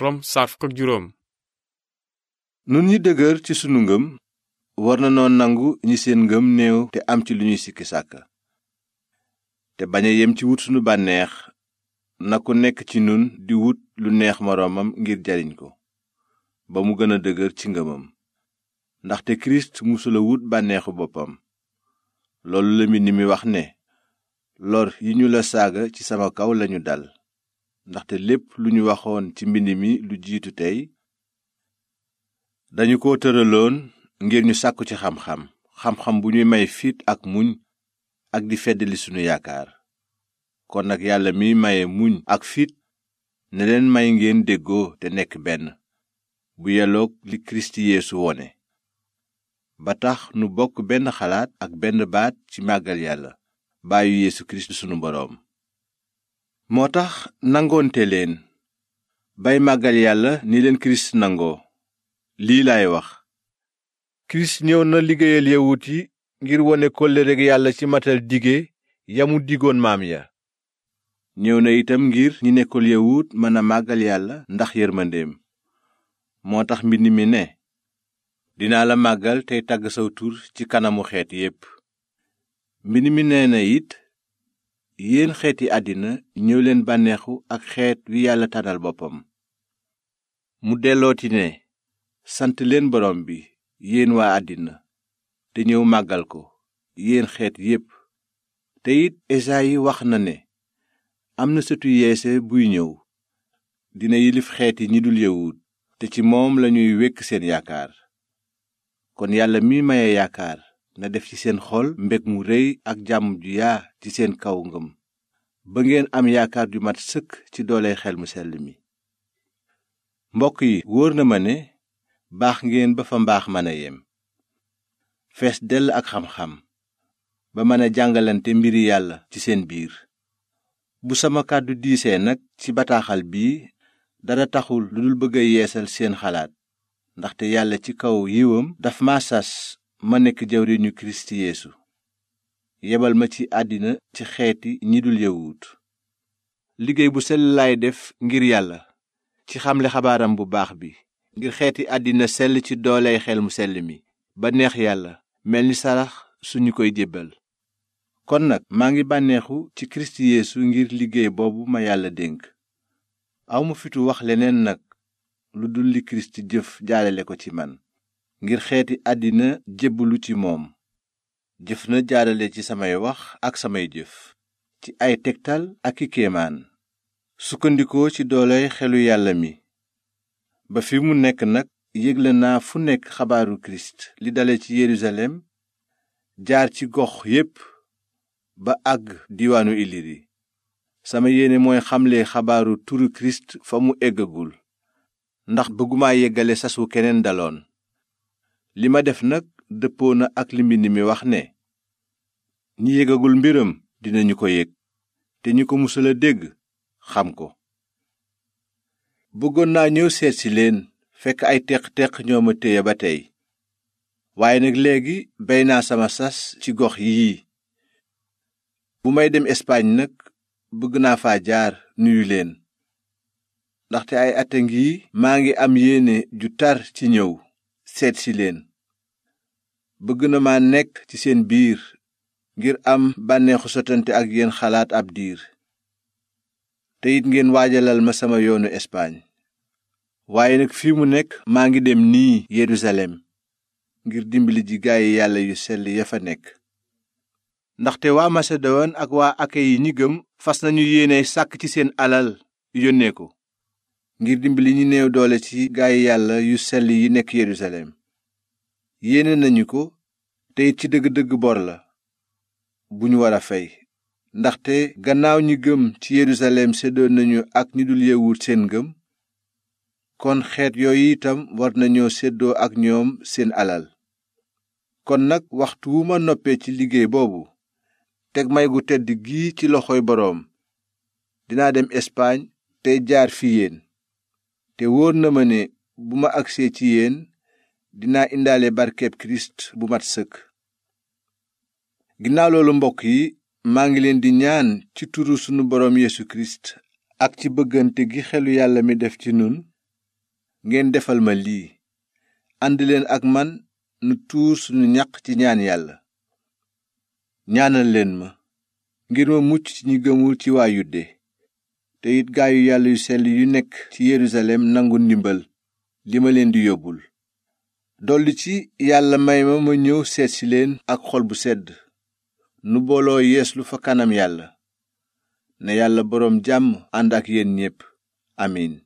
rom saar juróom nun ñi dëgër ci sunu ngëm war na noon nangu ñi seen ngëm néew te am ci lu ñuy sikki sàkka te bañ a yem ci wut sunu bànneex na ku nekk ci nun di wut lu neex moroomam ngir jariñ ko ba mu gën a dëgër ci ngëmam ndaxte kirist musula wut bànneexu boppam loolu la ni mi wax ne lor yi ñu la saaga ci sama kaw lañu dal ndaxte lépp lu ñu waxoon ci mbind mi lu jiitu tey dañu ko tëraloon ngir ñu sàkku ci xamxam xamxam bu ñuy may fit ak muñ ak di feddali sunu yaakaar kon nag yàlla mi maye muñ ak fit neleen may ngeen déggoo te nekk benn bu yelloog li kirist yeesu wone ba tax nu bokk benn xalaat ak benn baat ci màggal yàlla baayu yeesu kirist sunu boroom moo tax nangoonte leen bay màggal yàlla ni leen kirist nangoo lii lay wax kirist ñëw na liggéeyal yawut yi ngir wone kóllëreg yàlla ci matal dige yamu digoon maam ya ñëw na itam ngir ñi nekkul yawut mën a màggal yàlla ndax yërmandeem moo tax mbind mi ne dinaa la màggal tey tàgg saw ci kanamu xeet yépp mbind mi nee na it yéen xeeti àddina ñëw leen bànneexu ak xeet yàlla tànnal boppam mu dellooti ne sant leen borom bi yéen waa àddina te ñëw màggal ko yéen xeet yépp te it esayi wax na ne am na sëtu yeese buy ñëw dina yilif xeeti ñi dul yawut te ci moom lañuy wékk seen yaakaar kon yàlla mi maye yaakaar na def ci seen xol mbég mu réy ak jàmm ju yaa ci seen kaw ngëm ba ngeen am yaakaar ju mat sëkk ci doole xel mu sell mi mbokk yi wóor na ma ne baax ngeen ba fa mbaax mën a yem fees dell ak xam-xam ba mën a jàngalante mbiri yàlla ci seen biir bu sama kàddu diisee nag ci bataaxal bii dara taxul lu dul bëgg a yeesal seen xalaat ndaxte yàlla ci kaw yiwam dafa ma sas ma nekk jawriñu kirist yebal ma ci àddina ci xeeti ñi dul yawut liggéey bu sell laay def ngir yàlla ci xamle xabaaram bu baax bi ngir xeeti àddina sell ci dooley xel mu sell mi ba neex yàlla mel ni sarax suñu koy jébbal kon nag maa ngi bànneexu ci kirist yeesu ngir liggéey boobu ma yàlla dénk awma fitu wax leneen nag lu dul li kirist jëf jaalale ko ci man ngir xeeti àddina jébbalu ci moom jëf na jaarale ci samay wax ak samay jëf ci ay tegtal ak i kéemaan sukkandikoo ci doole xelu yàlla mi ba fi mu nekk nag yégle naa fu nekk xabaaru kirist li dale ci yerusalem jaar ci gox yépp ba àgg diwaanu iliri sama yéene mooy xamle xabaaru turu kirist fa mu eggagul ndax bëgguma yeggale sasu keneen daloon li ma def nag dëppoo na ak li mbind mi wax ne ñi yëgagul mbiram dinañu ko yég te ñi ko musal a dégg xam ko bëggoon naa ñëw seet si leen fekk ay teq-teq ñoo ma téye ba tey waaye nag léegi bay naa sama sas ci gox yii bu may dem Espagne nag bëgg naa fa jaar nuyu leen ndaxte ay at a ngi maa ngi am yéene ju tar ci ñëw seet si leen bëgg na ma nekk ci seen biir ngir am bànneexu sotante ak yéen xalaat ab diir te it ngeen waajalal ma sama yoonu Espagne waaye nag fi mu nekk maa ngi dem nii Yerusalem ngir dimbili ji gaayi yàlla yu selli ya fa nekk ndaxte waa Masedowan ak waa Akayi ñi gëm fas nañu yéene sàkk ci seen alal yónnee ko ngir dimbali ñu néew doole ci gaay yàlla yu sell yi nekk Yerusalem yéene nañu ko te ci dëgg-dëgg bor la bu ñu war a fay ndaxte gannaaw ñi gëm ci Yerusalem séddoon nañu ak ñu dul yewut seen ngëm kon xeet yooyu itam war nañoo seddoo ak ñoom seen alal kon nag waxtu wu ma noppee ci liggéey boobu teg may gu tedd gii ci loxoy boroom dinaa dem Espagne te jaar fi yéen te wóor na ma ne bu ma agsee ci yéen dinaa indaale barkeb kirist bu mat sëkk ginnaaw loolu mbokk yi maa ngi leen di ñaan ci turu sunu boroom Yesu kirist ak ci bëggante gi xelu yàlla mi def ci nun ngeen defal ma lii ànd leen ak man nu tuur sunu ñaq ci ñaan yàlla ñaanal leen ma ngir ma mucc ci ñi gëmul ci waa yudde te it gaayu yàlla yu sell yu nekk ci yerusalem nangu ndimbal li ma leen di yóbbul dolli ci yàlla may ma ma ñëw seetsi leen ak xol bu sedd nu booloo lu fa kanam yàlla ne yàlla boroom jàmm ànd ak yéen ñépp amiin